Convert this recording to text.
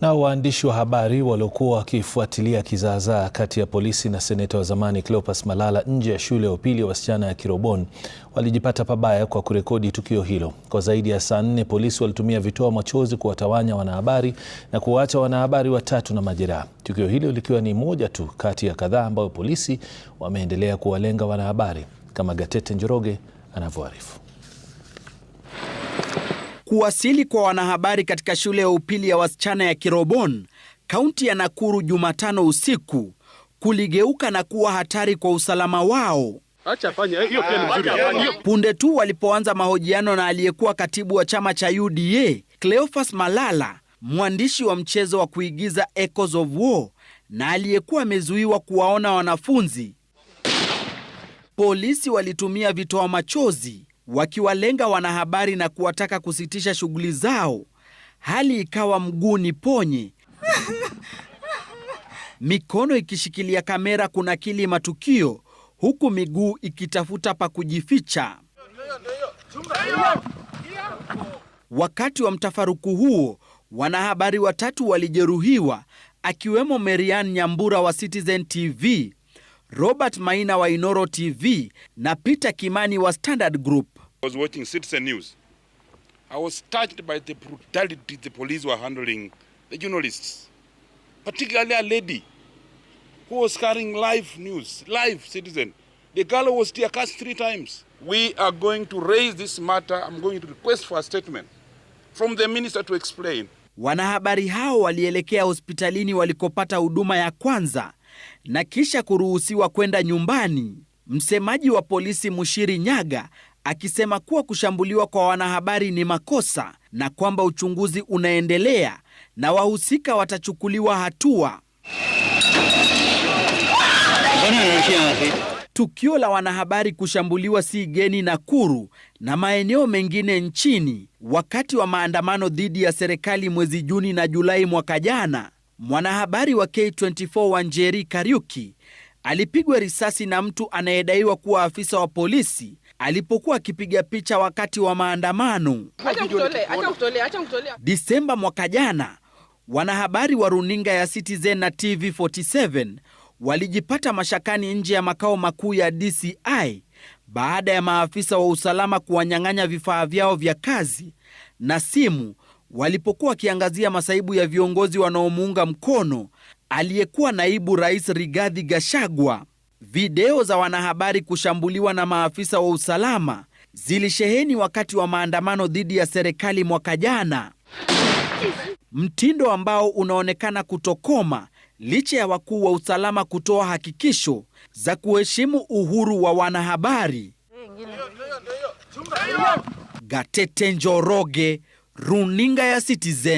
Na waandishi wa habari waliokuwa wakifuatilia kizaazaa kati ya polisi na seneta wa zamani Cleopas Malala nje ya shule ya upili ya wasichana ya Kirobon walijipata pabaya kwa kurekodi tukio hilo. Kwa zaidi ya saa nne polisi walitumia vitoa machozi kuwatawanya wanahabari na kuwaacha wanahabari watatu na majeraha, tukio hilo likiwa ni moja tu kati ya kadhaa ambayo polisi wameendelea kuwalenga wanahabari, kama Gatete Njoroge anavyoarifu. Kuwasili kwa wanahabari katika shule ya upili ya wasichana ya Kirobon, kaunti ya Nakuru, Jumatano usiku kuligeuka na kuwa hatari kwa usalama wao. Eh, Punde tu walipoanza mahojiano na aliyekuwa katibu wa chama cha UDA Cleophas Malala, mwandishi wa mchezo wa kuigiza Echoes of War na aliyekuwa amezuiwa kuwaona wanafunzi, polisi walitumia vitoa machozi wakiwalenga wanahabari na kuwataka kusitisha shughuli zao. Hali ikawa mguu ni ponye, mikono ikishikilia kamera kunakili matukio, huku miguu ikitafuta pa kujificha. Wakati wa mtafaruku huo, wanahabari watatu walijeruhiwa, akiwemo Marian Nyambura wa Citizen TV, Robert Maina wa Inoro TV na Peter Kimani wa Standard Group. I was watching Citizen News. I was touched by the brutality the police were handling the journalists, particularly a lady who was carrying live news, live Citizen. The girl was tear cast three times. We are going to raise this matter. I'm going to request for a statement from the minister to explain. Wanahabari hao walielekea hospitalini walikopata huduma ya kwanza na kisha kuruhusiwa kwenda nyumbani. Msemaji wa polisi Mushiri Nyaga akisema kuwa kushambuliwa kwa wanahabari ni makosa na kwamba uchunguzi unaendelea na wahusika watachukuliwa hatua. Tukio la wanahabari kushambuliwa si geni Nakuru na maeneo mengine nchini wakati wa maandamano dhidi ya serikali mwezi Juni na Julai mwaka jana. Mwanahabari wa K24 Wanjeri Kariuki alipigwa risasi na mtu anayedaiwa kuwa afisa wa polisi alipokuwa akipiga picha wakati wa maandamano Disemba mwaka jana. Wanahabari wa runinga ya Citizen na TV47 walijipata mashakani nje ya makao makuu ya DCI baada ya maafisa wa usalama kuwanyang'anya vifaa vyao vya kazi na simu walipokuwa wakiangazia masaibu ya viongozi wanaomuunga mkono aliyekuwa naibu rais Rigathi Gachagua. Video za wanahabari kushambuliwa na maafisa wa usalama zilisheheni wakati wa maandamano dhidi ya serikali mwaka jana, mtindo ambao unaonekana kutokoma licha ya wakuu wa usalama kutoa hakikisho za kuheshimu uhuru wa wanahabari. Gatete Njoroge, runinga ya Citizen.